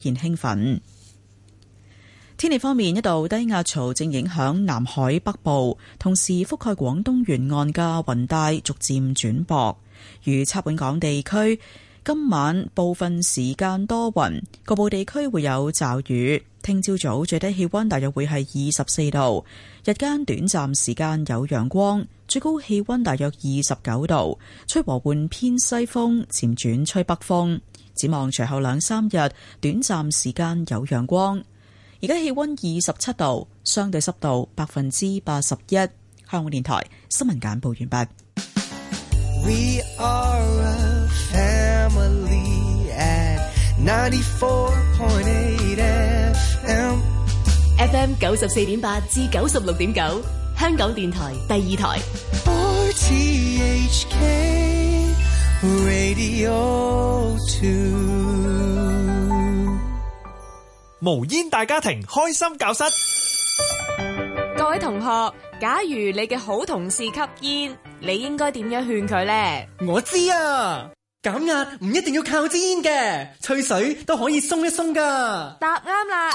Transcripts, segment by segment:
現興奮。天氣方面，一道低壓槽正影響南海北部，同時覆蓋廣東沿岸嘅雲帶逐漸轉薄。預測本港地區今晚部分時間多雲，局部地區會有驟雨。聽朝早最低氣溫大約會係二十四度，日間短暫時間有陽光，最高氣溫大約二十九度，吹和緩偏西風，漸轉吹北風。展望隨後兩三日，短暫時間有陽光。而家氣溫二十七度，相對濕度百分之八十一。香港電台新聞簡報完畢。We are a family at 94.8 FM. FM 九十四點八至九十六點九，9, 香港電台第二台。Radio 無煙大家庭，開心教室。各位同學，假如你嘅好同事吸煙，你應該點樣勸佢呢？我知啊。減壓唔一定要靠支煙嘅，吹水都可以鬆一鬆噶答啱啦！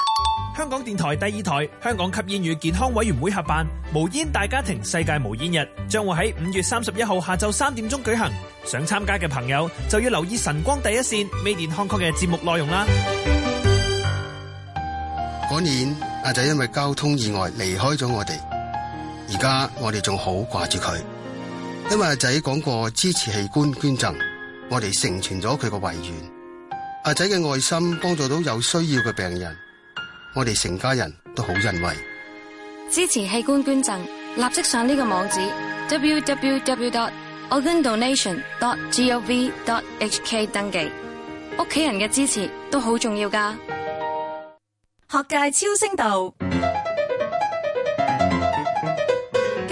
香港電台第二台、香港吸煙與健康委員會合辦無煙大家庭世界無煙日，將會喺五月三十一號下晝三點鐘舉行。想參加嘅朋友就要留意晨光第一線、美健康確嘅節目內容啦。嗰年阿仔因為交通意外離開咗我哋，而家我哋仲好掛住佢，因為阿仔講過支持器官捐贈。我哋成全咗佢個遺願，阿仔嘅愛心幫助到有需要嘅病人，我哋成家人都好欣慰。支持器官捐贈，立即上呢個網址：www.organdonation.gov.hk 登記。屋企人嘅支持都好重要㗎。學界超聲道。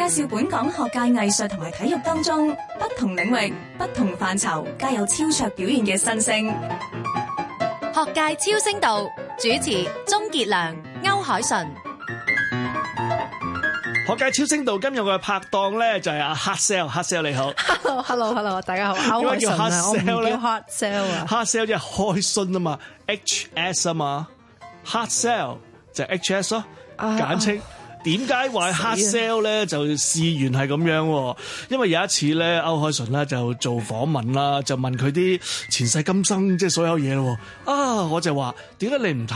介紹本港學界藝術同埋體育當中不同領域、不同範疇皆有超卓表現嘅新星。學界超星道，主持鍾傑良、歐鎧淳。學界超星道今日嘅拍檔咧就係阿 Hard Sell，Hard Sell 你好。Hello，Hello，Hello，大家好。因為叫 Hard Sell 咧，Hard Sell 啊，Hard Sell 即係開心啊嘛，H S 啊嘛，Hard Sell 就係 H S 咯，簡稱。點解話係黑 sell 咧？了就事緣係咁樣喎，哦，因為有一次咧，歐鎧淳咧就做訪問啦，就問佢啲前世今生即係、就是、所有嘢咯、哦。啊，我就話點解你唔提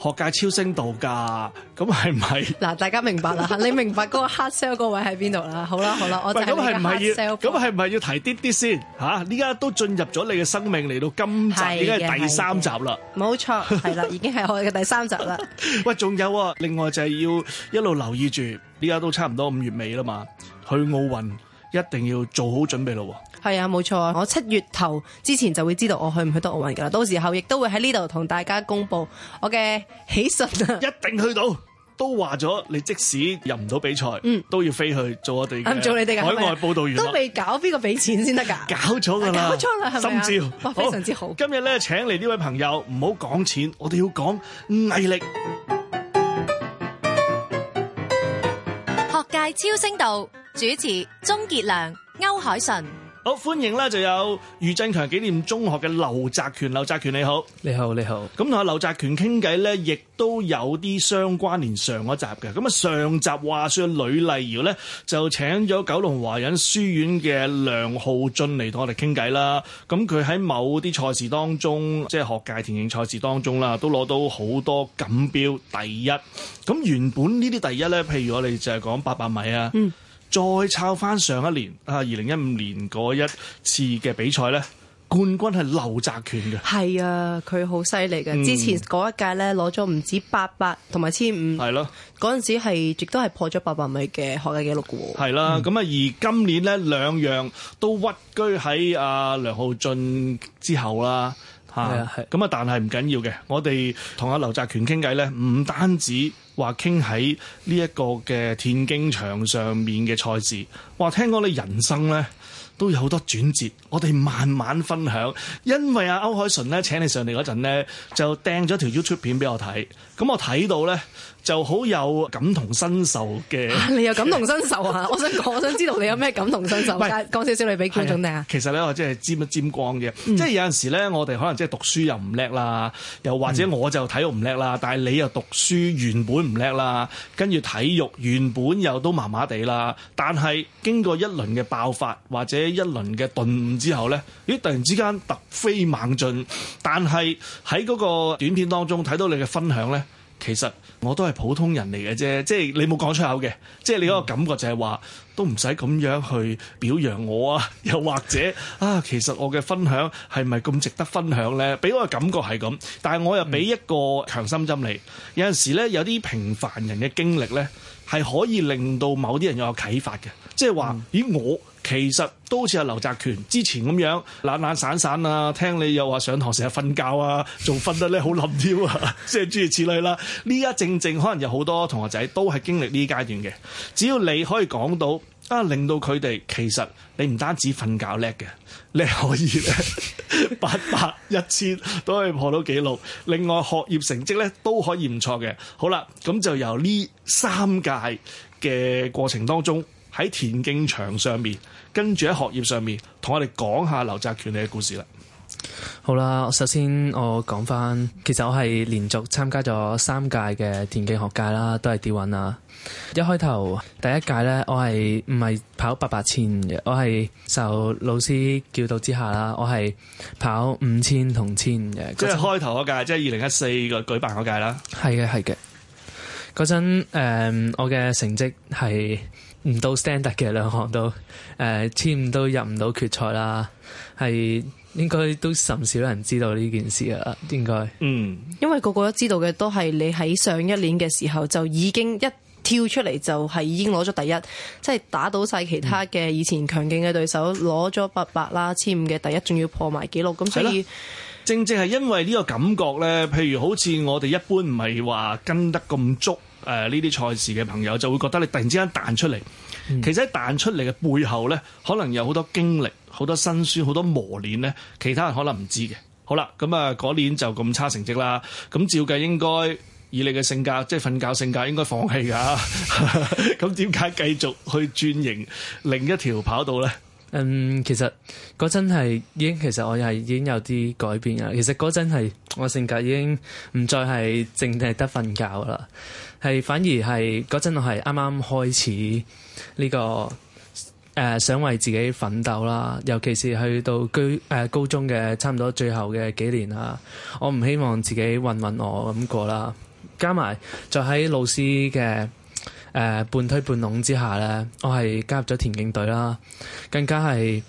學界超聲度㗎？咁係唔係？嗱，大家明白啦， 你明白個黑 sell 個位喺邊度啦？好啦，好啦，我睇下咁係唔係要？咁係唔係要提啲啲先？吓，依家都進入咗你嘅生命嚟到今集，已經係第三集啦。冇錯，係啦， 已經係我哋嘅第三集啦。喂，仲有啊，另外就係要一路留意住，依家都差唔多五月尾啦嘛，去奧運一定要做好準備咯。係啊，冇錯，我七月頭之前就會知道我去唔去到奧運噶啦。到時候亦都會喺呢度同大家公布我嘅喜訊啊！一定去到，都話咗，你即使入唔到比賽，嗯，都要飛去做我哋嘅、嗯、海外報道員，係咪啊、都未搞邊個俾錢先得噶，搞錯噶啦，係咪、啊、心照哇非常之好，好。今日咧，請嚟呢位朋友唔好講錢，我哋要講毅力。超聲道主持：鍾傑良、歐鎧淳。好歡迎咧，就有余振強紀念中學嘅劉澤權，劉澤權你好，你好，你好你好。咁同阿劉澤權傾偈咧，亦都有啲相關聯上一集嘅。咁啊上集話說呂麗瑤咧就請咗九龍華仁書院嘅梁浩俊嚟同我哋傾偈啦。咁佢喺某啲賽事當中，即係學界田徑賽事當中啦，都攞到好多錦標第一。咁原本呢啲第一咧，譬如我哋就係講八百米啊。嗯再抄翻上一年啊，二零一五年嗰一次嘅比賽咧，冠軍係劉澤權嘅。係啊，佢好犀利嘅。嗯、之前嗰一屆咧，攞咗唔止八百同埋千五。係咯，嗰陣時係亦都係破咗八百米嘅學界紀錄嘅。係啦，咁啊，而今年咧兩樣都屈居喺啊梁浩俊之後啦。係啊，咁啊，但係唔緊要嘅。啊、我哋同阿劉澤權傾偈咧，唔單止話傾喺呢一個嘅田徑場上面嘅賽事，話聽講你人生咧都有好多轉折，我哋慢慢分享。因為阿歐鎧淳咧請你上嚟嗰陣咧，就掟咗條 YouTube 片俾我睇，咁我睇到咧。就好有感同身受嘅，你又感同身受啊！我想講，我想知道你有咩感同身受，講少少你俾觀眾聽啊！其實咧，嗯、即我即係沾一沾光嘅，即係有陣時咧，我哋可能即係讀書又唔叻啦，又或者我就體育唔叻啦，但係你又讀書原本唔叻啦，跟住體育原本又都麻麻地啦，但係經過一輪嘅爆發或者一輪嘅頓悟之後咧，咦！突然之間突飛猛進，但係喺嗰個短片當中睇到你嘅分享咧。其實我都係普通人嚟嘅啫，即係你冇講出口嘅，即係你嗰個感覺就係話、嗯、都唔使咁樣去表揚我啊，又或者啊，其實我嘅分享係咪咁值得分享呢？俾我嘅感覺係咁，但係我又俾一個強心針嚟。嗯、有陣時呢，有啲平凡人嘅經歷呢。係可以令到某啲人有啟發嘅，即係話、嗯、咦，我其實都似阿劉澤權之前咁樣懶懶散散啊，聽你又話上堂成日瞓覺啊，仲瞓得咧好冧添啊，即係諸如此類啦。呢一正正可能有好多同學仔都係經歷呢階段嘅，只要你可以講到啊，令到佢哋其實你唔單止瞓覺叻嘅。你可以咧，八百一千都可以破到紀錄。另外學業成績咧都可以唔錯嘅。好啦，咁就由呢三屆嘅過程當中，喺田徑場上面，跟住喺學業上面，同我哋講下劉澤權你嘅故事啦。好啦，首先我講返，其實我係連續參加咗三屆嘅田徑學界啦，都係 D 運啊。一開頭第一屆咧，我係唔係跑八百千嘅，我係受老師叫到之下啦，我係跑五千同千嘅。即係開頭嗰屆，即係二零一四個舉辦嗰屆啦。係嘅，係嘅。嗰陣誒，我嘅成績係唔到 standard 嘅兩行都誒，千、呃、都入唔到決賽啦。係應該都甚少人知道呢件事啊，應該嗯，因為個個都知道嘅都係你喺上一年嘅時候就已經一。跳出嚟就係已經攞咗第一，即係打倒晒其他嘅以前強勁嘅對手，攞咗八百啦、千五嘅第一，仲要破埋紀錄咁，所以正正係因為呢個感覺呢。譬如好似我哋一般唔係話跟得咁足誒，呢、呃、啲賽事嘅朋友就會覺得你突然之間彈出嚟，嗯、其實喺彈出嚟嘅背後呢，可能有好多經歷、好多辛酸、好多磨練呢，其他人可能唔知嘅。好啦，咁啊嗰年就咁差成績啦，咁照計應該。以你嘅性格，即係瞓覺性格應該放棄，應該放棄㗎。咁點解繼續去轉型另一條跑道咧？嗯，其實嗰陣係已經，其實我係已經有啲改變啦。其實嗰陣係我性格已經唔再係淨係得瞓覺啦，係反而係嗰陣我係啱啱開始呢、這個誒、呃，想為自己奮鬥啦。尤其是去到居誒、呃、高中嘅差唔多最後嘅幾年啊，我唔希望自己混混噩咁過啦。加埋，就喺老師嘅誒、呃、半推半攏之下咧，我係加入咗田徑隊啦。更加係，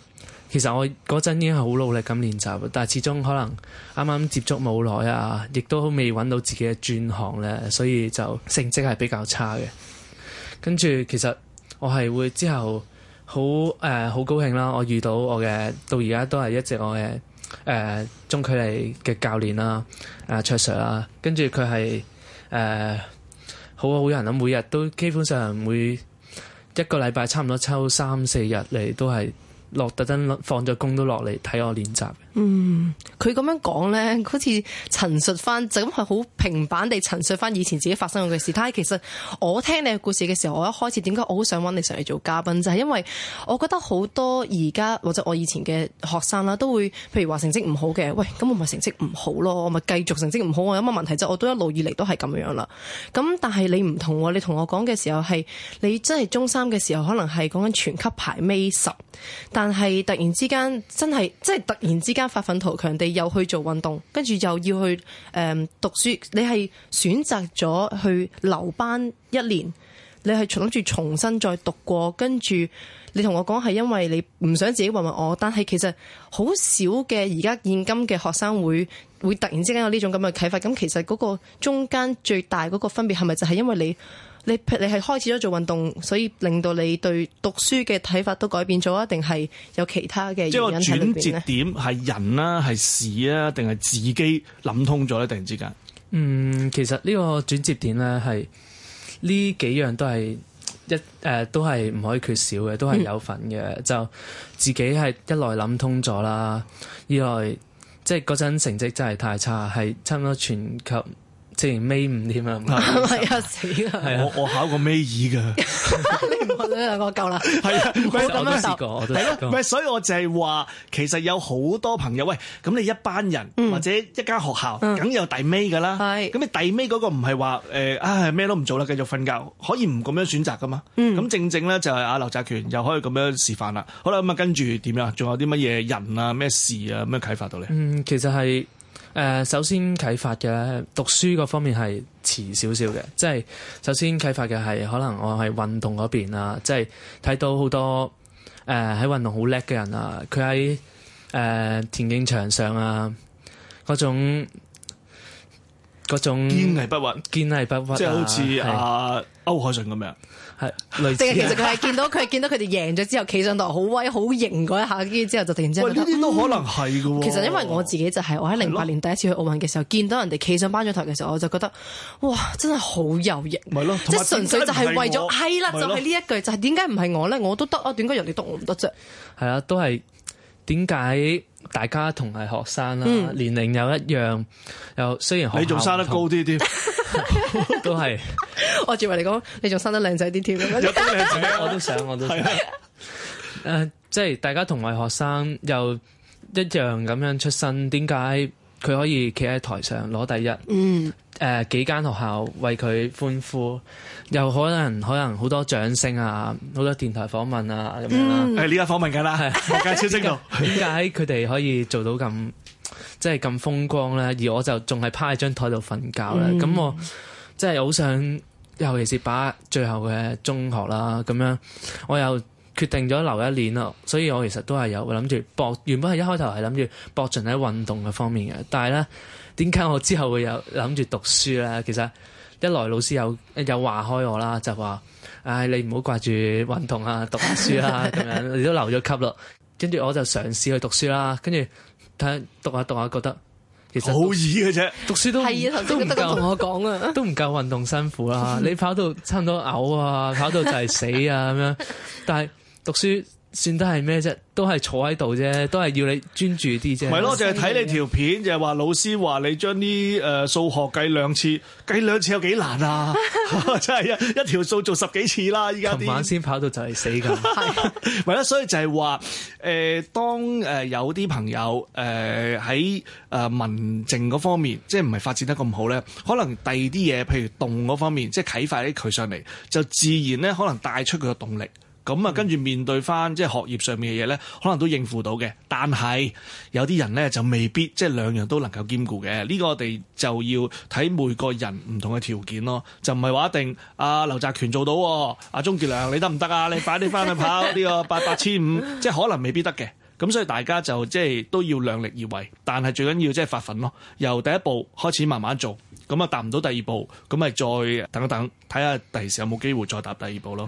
其實我嗰陣已經係好努力咁練習，但係始終可能啱啱接觸冇耐啊，亦都未揾到自己嘅專項咧，所以就成績係比較差嘅。跟住，其實我係會之後好誒好高興啦！我遇到我嘅到而家都係一直我嘅誒、呃、中距離嘅教練啦，誒、呃、卓 Sir 啦，跟住佢係。誒、uh, 好啊！好人啊，每日都基本上每一個禮拜差唔多抽三四日嚟，都係落特登放咗工都落嚟睇我練習。嗯，佢咁樣講咧，好似陳述翻就咁係好平板地陳述翻以前自己發生過嘅事。但係其實我聽你嘅故事嘅時候，我一開始點解我好想揾你上嚟做嘉賓，就係因為我覺得好多而家或者我以前嘅學生啦，都會譬如話成績唔好嘅，喂，咁我咪成績唔好咯，我咪繼續成績唔好，我有乜問題啫，我都一路以嚟都係咁樣啦。咁但係你唔同、哦，你同我講嘅時候係你真係中三嘅時候，可能係講緊全級排尾十，但係突然之間真係即係突然之間。發奮圖強地又去做運動，跟住又要去誒、嗯、讀書。你係選擇咗去留班一年，你係諗住重新再讀過，跟住你同我講係因為你唔想自己問問我。但係其實好少嘅而家現今嘅學生會會突然之間有呢種咁嘅啟發。咁其實嗰個中間最大嗰個分別係咪就係因為你？你你係開始咗做運動，所以令到你對讀書嘅睇法都改變咗，定係有其他嘅原因喺裏邊咧？即係個轉折點係人啦、啊，係事啊，定係自己諗通咗咧？突然之間，嗯，其實呢個轉折點咧係呢幾樣都係一誒、呃、都係唔可以缺少嘅，都係有份嘅。嗯、就自己係一來諗通咗啦，二來即係嗰陣成績真係太差，係差唔多全級。即係尾五添啊！係啊，死啦！我我考過尾二嘅 ， 你唔好再講，我夠啦。係啊，咁樣受。係咯，咪所以我就係話，其實有好多朋友喂，咁你一班人、嗯、或者一間學校，梗有第尾噶啦。係咁、嗯、你第尾嗰個唔係話誒，唉、哎、咩都唔做啦，繼續瞓覺，可以唔咁樣選擇噶嘛？咁、嗯、正正咧就係阿劉澤權又可以咁樣示範啦。好啦，咁啊跟住點樣？仲有啲乜嘢人啊？咩事啊？咁樣啟發到你。嗯，其實係。誒首先啟發嘅讀書嗰方面係遲少少嘅，即係首先啟發嘅係可能我喺運動嗰邊啊，即係睇到好多誒喺、呃、運動好叻嘅人啊，佢喺誒田徑場上啊嗰種嗰種堅毅不屈，堅毅不屈、啊，即係好似阿歐鎧淳咁樣，係是。淨係其實佢係見到佢係 見到佢哋贏咗之後，企上台好威好型嗰一下，跟住之後就突然之間覺得，喂，呢啲都可能係嘅、嗯、其實因為我自己就係我喺零八年第一次去奧運嘅時候，的見到人哋企上頒獎台嘅時候，我就覺得哇，真係好有型。咪咯，即係純粹就係為咗係啦，就係、係、呢一句，就係點解唔係我咧？我都得啊，點解人哋得我唔得啫？係啊，都係點解？大家同係學生啦、啊，嗯、年齡又一樣，又雖然你仲生得高啲啲，都係。我接話你講，你仲生得靚仔啲啲。有啲靚仔，我都想，我都想。誒，即係、啊 uh，大家同為學生，又一樣咁樣出身，點解佢可以企喺台上攞第一？嗯。誒、呃、幾間學校為佢歡呼，又可能可能好多掌聲啊，好多電台訪問啊咁樣啦。誒呢家訪問㗎啦，係點解佢哋可以做到咁即係咁風光咧？而我就仲係趴喺張台度瞓覺啦。咁、嗯、我即係好想，尤其是把握最後嘅中學啦咁樣，我又決定咗留一年咯。所以我其實都係有諗住搏，原本係一開頭係諗住搏盡喺運動嘅方面嘅，但係咧。點解我之後會有諗住讀書咧？其實一來老師有有話開我啦，就話：唉，你唔好掛住運動啊，讀書啊咁樣，你都留咗級咯。跟住我就嘗試去讀書啦。跟住睇下，讀下、啊、讀下、啊，覺得其實好易嘅啫，讀書都都唔夠我講啊， 都唔夠運動辛苦啦、啊。你跑到差唔多嘔啊，跑到就係死啊咁樣。但係讀書。算得係咩啫？都係坐喺度啫，都係要你專注啲啫。唔係咯，淨係睇你條片，就係話老師話你將啲誒數學計兩次，計兩次有幾難啊？真係啊，一條數做十幾次啦！依家琴晚先跑到就係死噶，係，咪咯？所以就係話，誒，當誒有啲朋友誒喺誒文靜嗰方面，即係唔係發展得咁好咧，可能第二啲嘢，譬如動嗰方面，即係啟發啲佢上嚟，就自然咧，可能帶出佢嘅動力。咁啊，跟住面對翻即係學業上面嘅嘢呢，可能都應付到嘅。但係有啲人呢，就未必即係兩樣都能夠兼顧嘅。呢個我哋就要睇每個人唔同嘅條件咯，就唔係話一定阿劉澤權做到，阿鍾傑良你得唔得啊？你快啲翻去跑呢 個八八千五，即係可能未必得嘅。咁所以大家就即係都要量力而為，但係最緊要即係發奮咯。由第一步開始慢慢做，咁啊踏唔到第二步，咁咪再等一等，睇下第時有冇機會再踏第二步咯。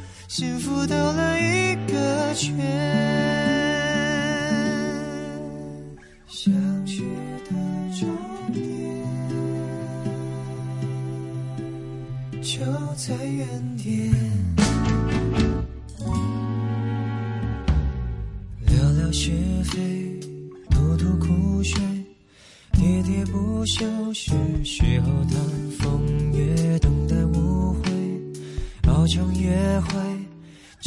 幸福兜了一個圈，想去的終點就在原點。聊聊是非，吐吐苦水，喋喋不休，是時候，談風月，等待誤會，熬成約會。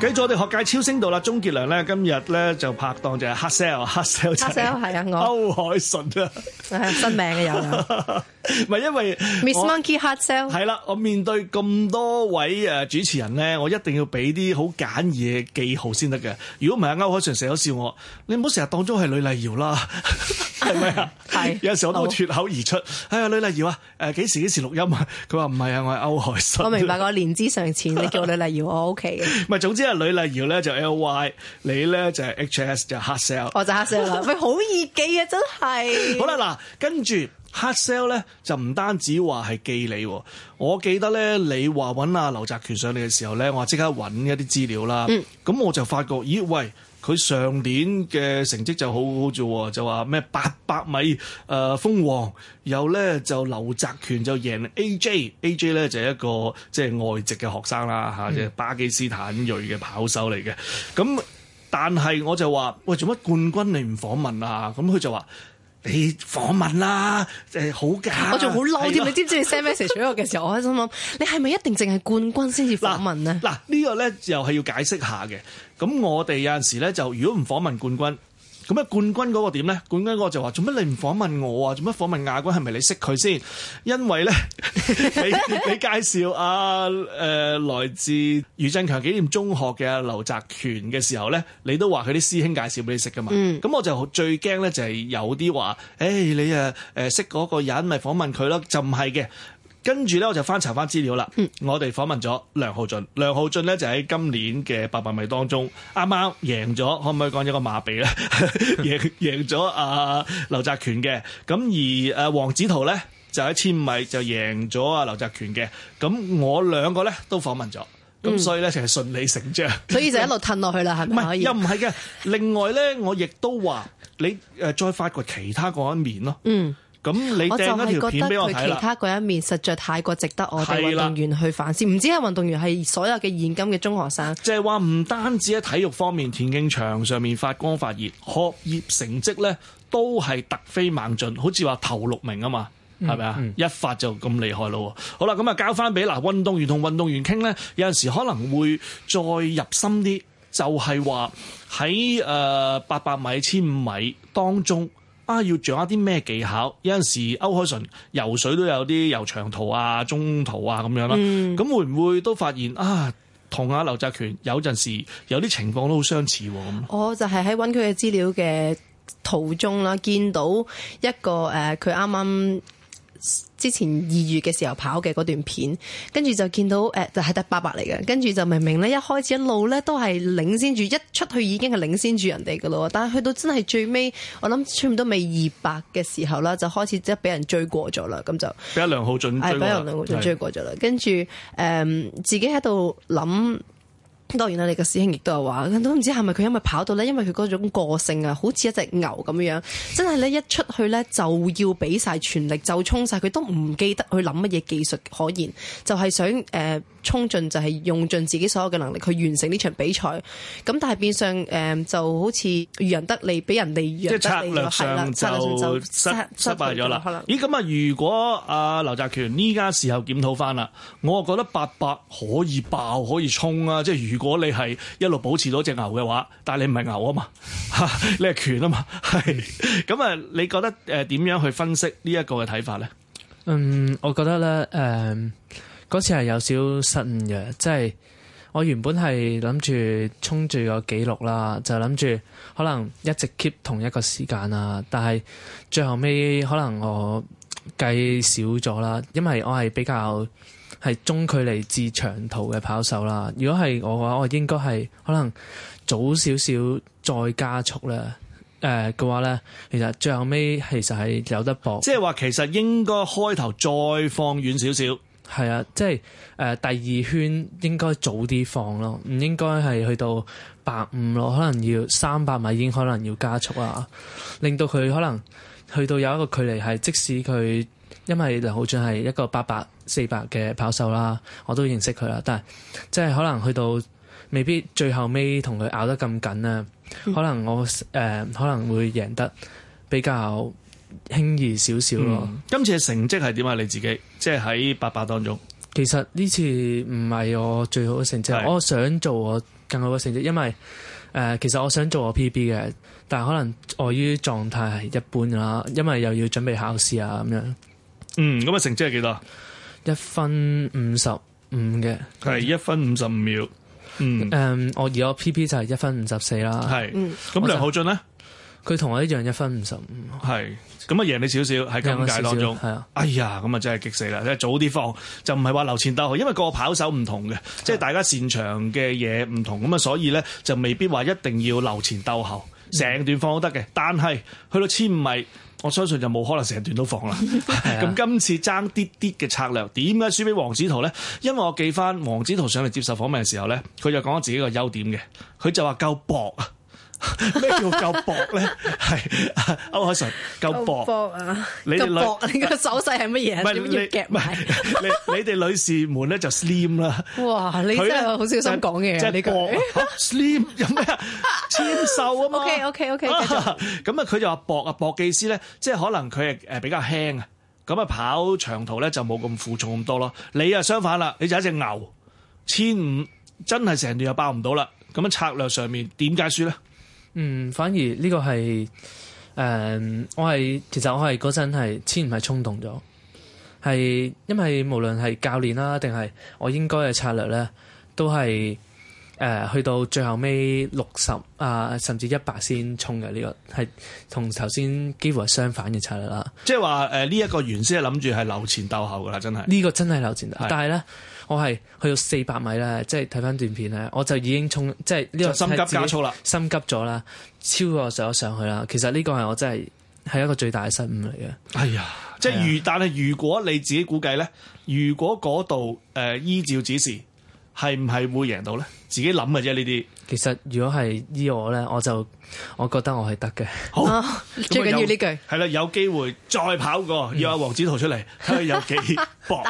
繼續我哋學界超聲道啦，鍾傑良咧今日咧就拍檔就係黑 sell，黑 sell，黑 sell 係啊，我歐鎧淳啊， 真名嘅人，唔係因為 Miss Monkey 黑 sell 係啦，我面對咁多位誒主持人咧，我一定要俾啲好簡易嘅記號先得嘅，如果唔係阿歐鎧淳成日都笑我，你唔好成日當中係呂麗瑤啦。 係咪啊？係 有陣時我都脫口而出。吧哎呀，呂麗瑤啊，誒，幾時幾時錄音啊？佢話唔係啊，我係歐鎧淳。我明白我年資尚淺， 你叫呂麗瑤，我 OK 嘅。唔係，總之啊，呂麗瑤咧就 L Y，你咧就係 H S，就黑 sell。我就黑 sell 啦， 咪好易記啊，真係。 好啦，嗱，跟住黑 sell 咧就唔單止話係記你，我記得咧你話搵阿劉澤權上嚟嘅時候咧，我即刻搵一啲資料啦。咁、嗯、 我就發覺，咦，咦喂。佢上年嘅成績就好好做，就話咩八百米誒封王，又咧就劉澤權就贏 AJ，AJ 咧就係、一個即係、就係、外籍嘅學生啦嚇、嘅、嗯、巴基斯坦裔嘅跑手嚟嘅。咁但係我就話喂，做乜冠軍你唔訪問啊？咁佢就話。你訪問啦，即誒好㗎、啊！我仲好嬲添，是的 你知唔知你 send message 咗我嘅時候， 我喺心諗，你係咪一定淨係冠軍先至訪問呢？嗱，這個、呢個咧又係要解釋下嘅。咁我哋有陣時咧，就如果唔訪問冠軍。咁啊，冠軍嗰個點咧？冠軍嗰個就話：做乜你唔訪問我啊？做乜訪問亞軍？係咪你識佢先？因為咧，你 你介紹啊，誒、呃，來自余振強紀念中學嘅阿劉澤權嘅時候咧，你都話佢啲師兄介紹俾你識噶嘛？咁、嗯、我就最驚咧，就係有啲話，誒，你誒、啊、誒識嗰個人，咪訪問佢咯？就唔係嘅。跟住咧，我就翻查翻資料啦。嗯、我哋訪問咗梁浩俊，梁浩俊咧就喺今年嘅八百米當中啱啱贏咗，可唔可以講一個麻痹咧？ 贏贏咗阿劉澤權嘅。咁而誒黃子圖咧就喺千米就贏咗阿劉澤權嘅。咁我兩個咧都訪問咗，咁所以咧就係順理成章。嗯、 所以就一路褪落去啦，係咪？ 又唔係嘅。另外咧，我亦都話你誒再發掘其他嗰一面咯。嗯。嗯。咁你掟一條片俾我睇，其他嗰一面實在太過值得我哋運動員去反思，唔止係運動員，係所有嘅現今嘅中學生。即係話唔單止喺體育方面，田徑場上面發光發熱，學業成績咧都係突飛猛進，好似話頭六名啊嘛，係咪啊？嗯、一發就咁厲害咯喎！好啦，咁啊交翻俾嗱運動員同運動員傾咧，有陣時可能會再入深啲，就係話喺誒八百米、千五米當中。啊！要掌握啲咩技巧？有陣時歐鎧淳游水都有啲遊長途啊、中途啊咁樣啦。咁、嗯、會唔會都發現啊？同阿劉澤權有陣時有啲情況都好相似喎、啊。咁我就係喺揾佢嘅資料嘅途中啦，見到一個誒，佢啱啱，之前二月嘅時候跑嘅嗰段片，跟住就見到誒、呃，就係得八百嚟嘅，跟住就明明咧一開始一路咧都係領先住，一出去已經係領先住人哋噶咯，但係去到真係最尾，我諗差唔多未二百嘅時候啦，就開始即係俾人追過咗啦，咁就俾阿梁浩俊追啦，係俾阿梁浩俊追過咗啦，跟住誒自己喺度諗。當然啦，你個師兄亦都有話，都唔知係咪佢因為跑到咧，因為佢嗰種個性啊，好似一隻牛咁樣，真係咧一出去咧就要俾晒全力，就衝晒，佢都唔記得去諗乜嘢技術可言，就係、是、想誒衝盡，就係、是、用盡自己所有嘅能力去完成呢場比賽。咁但係變相，誒、呃、就好似漁人得利，俾人哋漁。即係策，策，失策略上就失失敗咗啦。了咦，咁啊？如果阿劉澤權呢家時候檢討返啦，我啊覺得八百可以爆，可以衝啊！即、就、係、是、如如果你係一路保持到隻牛嘅話，但係你唔係牛啊嘛，哈哈，你係權啊嘛，係咁啊？ 你覺得誒點、呃、樣去分析呢一個嘅睇法呢？嗯，我覺得咧誒，嗰、呃、次係有少失誤嘅，即、就、係、是、我原本係諗住衝住個記錄啦，就諗住可能一直 keep 同一個時間啦，但係最後尾可能我計少咗啦，因為我係比較，係中距離至長途嘅跑手啦。如果係我嘅話，我應該係可能早少少再加速啦。誒、呃、嘅話咧，其實最後尾其實係有得搏。即係話其實應該開頭再放遠少少。係啊，即係誒、呃、第二圈應該早啲放咯，唔應該係去到百五咯，可能要三百米已經可能要加速啊，令到佢可能去到有一個距離係即使佢。因為梁浩俊係一個八百四百嘅跑手啦，我都認識佢啦。但係即係可能去到未必最後尾同佢咬得咁緊啊，可能我誒、呃、可能會贏得比較輕易少少咯。今次嘅成績係點啊？你自己即係喺八百當中，其實呢次唔係我最好嘅成績，是我想做我更好嘅成績，因為誒、呃、其實我想做我 PB 嘅，但係可能礙於狀態係一般啦，因為又要準備考試啊咁樣。嗯嗯，咁、那、啊、個、成績係幾多？一分五十五嘅，係一分五十五秒。嗯，誒、嗯，我而家 P P 就係一分五十四啦。係是，咁梁浩俊咧，佢同我，就我一樣一分五十五。係，咁啊贏你少少喺學界當中。係啊，哎呀，咁啊真係激死啦！即係早啲放就唔係話留前鬥後，因為個跑手唔同嘅，即、就、係、是、大家擅長嘅嘢唔同，咁啊所以咧就未必話一定要留前鬥後，成段放都得嘅。但係去到千五米。我相信就冇可能成段都放啦。咁今 次爭啲啲嘅策略，點解輸俾黃子圖呢？因為我記翻黃子圖上嚟接受訪問嘅時候，呢佢就講自己個優點嘅，佢就話夠薄。咩 叫夠薄咧？係歐鎧淳夠薄啊！你夠薄你個手勢係乜嘢點夾埋？你 不你哋女士們咧就 Slim 啦！哇，你真係好小心講嘢即啊！呢句 Slim 有咩啊？纖 瘦啊？嘛？OK OK OK。咁啊、 嗯，佢就話薄啊，薄技師咧，即係可能佢誒比較輕啊，咁啊跑長途咧就冇咁負重咁多咯。你啊相反啦，你就，你就一隻牛，千五真係成段又爆唔到啦。咁樣策略上面點解輸咧？嗯，反而呢個係誒、呃，我係其實我係嗰陣係千唔係衝動咗，係因為無論係教練啦，定係我應該嘅策略咧，都係誒、呃、去到最後尾六十啊，甚至一百先衝嘅呢個係同頭先幾乎係相反嘅策略啦。即係話誒呢一個原先係諗住係留前鬥後噶啦，真係呢個真係留前，的但係咧。我係去到四百米咧，即係睇翻段片咧，我就已經衝，即係呢、這個係自己心急咗啦，超過咗上上去啦。其實呢個係我真係係一個最大嘅失誤嚟嘅。哎呀，即係如、哎、呀但係如果你自己估計咧，如果嗰度誒依照指示係唔係會贏到咧？自己諗嘅啫，呢啲其實如果係依我咧，我就我覺得我係得嘅。好，最緊要呢句係啦，有機會再跑過。要阿黃子濤出嚟，有幾搏？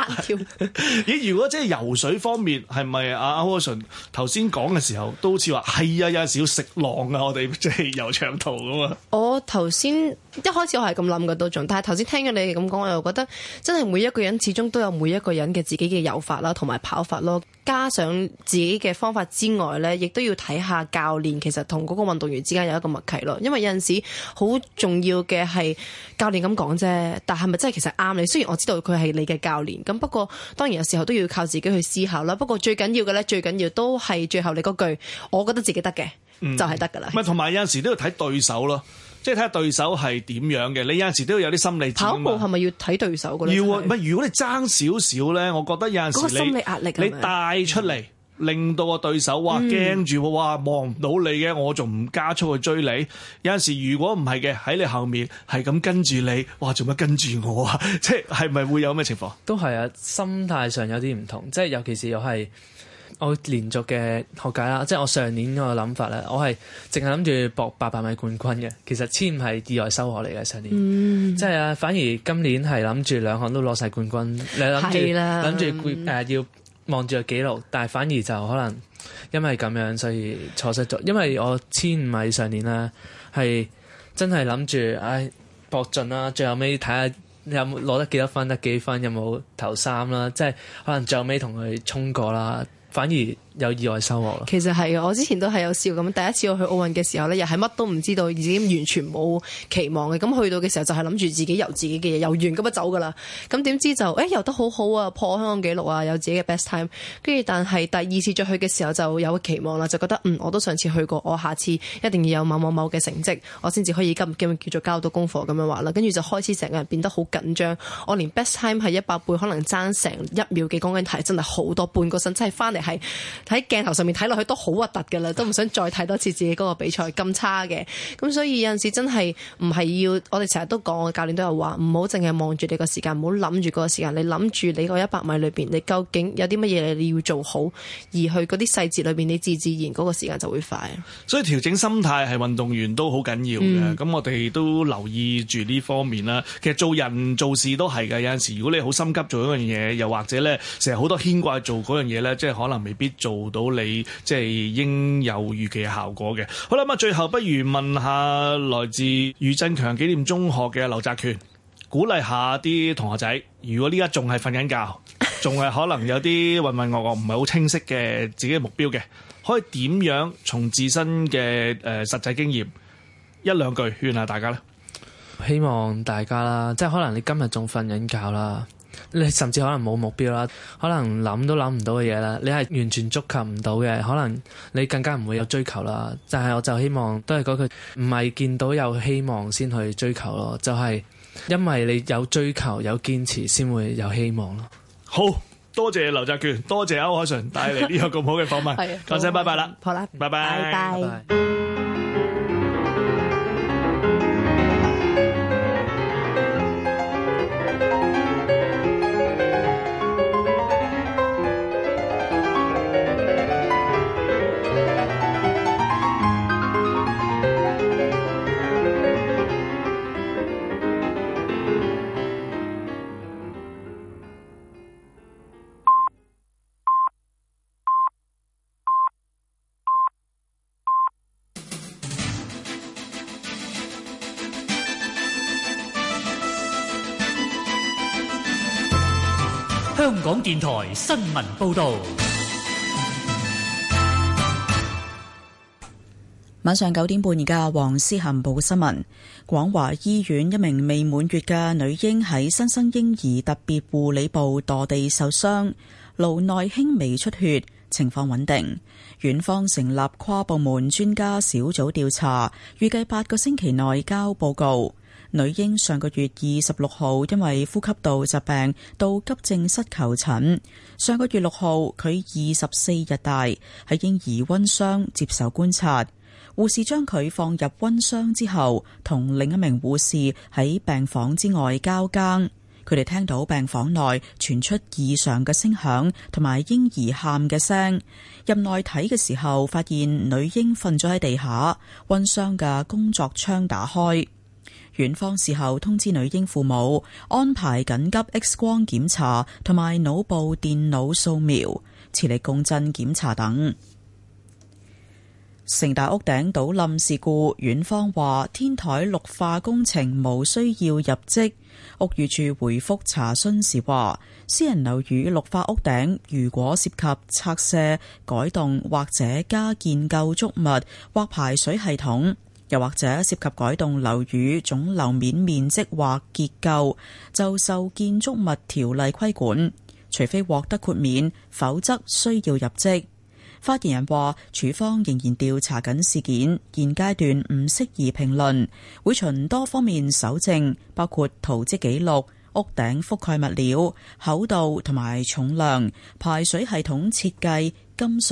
你如果即係游水方面，係咪阿阿 Ocean 頭先講嘅時候都好似話係啊？有陣時要食浪啊！我哋即係游長途咁啊！我頭先一開始我係咁諗嘅，都仲，但係頭先聽咗你咁講，我又覺得真係每一個人始終都有每一個人嘅自己嘅游法啦，同埋跑法咯，加上自己嘅方法。之外咧，亦都要睇下教練。其實同嗰個運動員之間有一個默契咯。因為有陣時好重要嘅係教練咁講啫，但係咪真係其實啱你？雖然我知道佢係你嘅教練，咁不過當然有時候都要靠自己去思考啦。不過最緊要嘅咧，最緊要都係最後你嗰句，我覺得自己得嘅，嗯、就係得噶啦。係同埋有陣時都要睇對手咯，即係睇下對手係點樣嘅。你有陣時都要有啲心理。跑步係咪要睇對手嗰啲？要啊！唔係，如果你爭少少咧，我覺得有陣時你你帶出嚟。嗯令到個對手哇驚住，哇望唔到你嘅，我仲唔加速去追你？有陣時如果唔係嘅，喺你後面係咁跟住你，哇做乜跟住我啊？ 即係係咪會有咩情況？都係啊，心態上有啲唔同，即係尤其是我係我連續嘅學界啦，即係我上年個諗法咧，我係淨係諗住搏八百米冠軍嘅，其實千五係意外收穫嚟嘅上年，嗯、即係啊，反而今年係諗住兩項都攞晒冠軍，你諗住諗住誒要。望住個記錄，但係反而就可能因為咁樣，所以錯失咗。因為我千五米上年啦，係真係諗住，唉搏盡啦，最後尾睇下有冇攞得幾多分，得幾分，有冇頭三啦，即係可能最後尾同佢衝過啦，反而。有意外收穫咯。其實係嘅，我之前都係有試過咁。第一次我去奧運嘅時候呢，又係乜都唔知道，已經完全冇期望嘅。咁去到嘅時候就係諗住自己遊自己嘅嘢，遊完咁啊走㗎啦。咁點知就誒遊、欸、得好好啊，破香港紀錄啊，有自己嘅 best time。跟住但係第二次再去嘅時候就有個期望啦，就覺得嗯我都上次去過，我下次一定要有某某某嘅成績，我先至可以今今叫做交到功課咁樣話啦。跟住就開始成個人變得好緊張，我連 best time 係一百倍可能爭成一秒幾公斤題，真係好多半個身，真係翻嚟係。喺鏡頭上面睇落去都好核突嘅啦，都唔想再睇多次自己嗰個比賽咁差嘅。咁所以有陣時真係唔係要我哋成日都講，我教練都有話，唔好淨係望住你個時間，唔好諗住個時間，你諗住你個一百米裏邊你究竟有啲乜嘢你要做好，而去嗰啲細節裏邊你自自然嗰個時間就會快。所以調整心態係運動員都好緊要嘅。咁、嗯、我哋都留意住呢方面啦。其實做人做事都係嘅。有陣時如果你好心急做一樣嘢，又或者咧成日好多牽掛做嗰樣嘢咧，即係可能未必做做到你即係應有預期嘅效果嘅，好啦，咁啊，最後不如問下來自余振強紀念中學嘅劉澤權，鼓勵下啲同學仔，如果呢家仲係瞓緊覺，仲係 可能有啲渾渾噩噩，唔係好清晰嘅自己嘅目標嘅，可以點樣從自身嘅誒實際經驗一兩句勸下大家咧？希望大家啦，即係可能你今日仲瞓緊覺啦。你甚至可能冇目標啦，可能諗都諗唔到嘅嘢啦，你係完全觸及唔到嘅，可能你更加唔會有追求啦。但係我就希望都係嗰句，唔係見到有希望先去追求咯，就係因為你有追求有堅持先會有希望咯。好多謝劉澤權，多謝歐鎧淳帶嚟呢個咁好嘅訪問。係，講聲，哦、拜拜啦，好啦，拜拜。新聞報道。晚上九點半，而家黃思涵報嘅新聞：廣華醫院一名未滿月嘅女嬰喺新生嬰兒特別護理部墮地受傷，顱內輕微出血，情況穩定。院方成立跨部門專家小組調查，預計八個星期內交報告。女嬰上個月二十六號，因為呼吸道疾病到急症室求診。上個月六號，佢二十四日大，喺嬰兒温箱接受觀察。護士將佢放入温箱之後，同另一名護士喺病房之外交更。佢哋聽到病房內傳出異常嘅聲響同埋嬰兒喊嘅聲。入內睇嘅時候，發現女嬰瞓咗喺地下，温箱嘅工作窗打開。院方事後通知女嬰父母，安排緊急 X 光檢查同埋腦部電腦掃描、磁力共振檢查等。城大屋頂倒冧事故，院方話天台綠化工程無需要入職。屋宇處回復查詢時話，私人樓宇綠化屋頂如果涉及拆卸、改動或者加建構築物或排水系統，又或者涉及改動樓宇總樓面面積或結構，就受建築物條例規管，除非獲得豁免，否則需要入則。發言人話署方仍然調查緊事件，現階段唔適宜評論，會循多方面搜證，包括圖則記錄、屋頂覆蓋物料厚度同埋重量、排水系統設計、金屬。